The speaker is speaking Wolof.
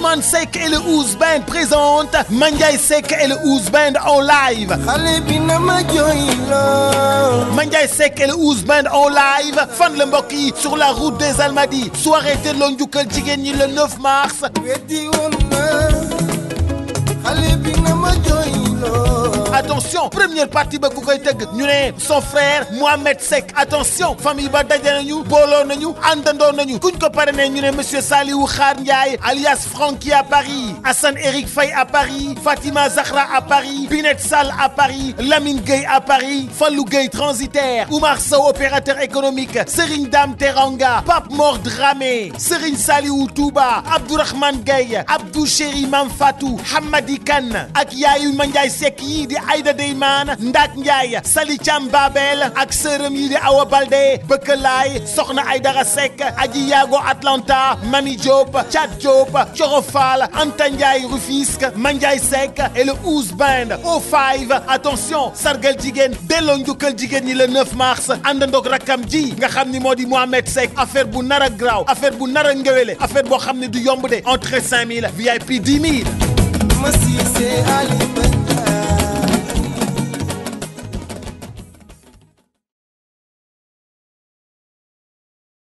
Ousmane Seck et le Ouz Band présente Mandiaye Seck et le Ouz Band en live. Mandiaye Seck et le Ouz Band en live fan la mbokk yi sur la route des Almadies soirée te loo njukkal jigéen ñi le 9 mars. attention première partie ba ku koy tëgg ñu ne son frère Mohamed Seck attention famille ba daje nañu booloo nañu àndandoo nañu kuñ ko pare ne ñu ne monsieur Saliou Khar Ndiaye alias Francky à Paris Assane Eric Faye à Paris Fatima Zahra à Paris Binette sal à Paris Lamine Gueye à Paris Fallou Gueye transitaire Oumar Sow opérateur économique Serigne Dame Teranga Pape Mor Dramé Serigne Saliou Touba Abdourahmane Gueye Abdou Chéri Mam ak Hamadi Kane ak yaayu Mandiaye Seck yi di Aïda Deyman Ndaaj Ndiaye Sali Thiam Babel ak sërëm yi di Awa Balde Bëkkalaay Soxna Aydara Seck Aji Yaago Atlanta Mami Diop Thiat Diop Coro Fall Anta Ndiaye Rufisque Mandiaye Seck et le Ouz Band O5 attention sargal jigéen delloo njukkal jigéen ñi le 9 mars àndandoog rakkam ji nga xam ni moo di Mohamed Seck affaire bu nar a graaw affaire bu nar a ngewele affaire boo xam ne du yomb de entrée 5000 VIP 10 000.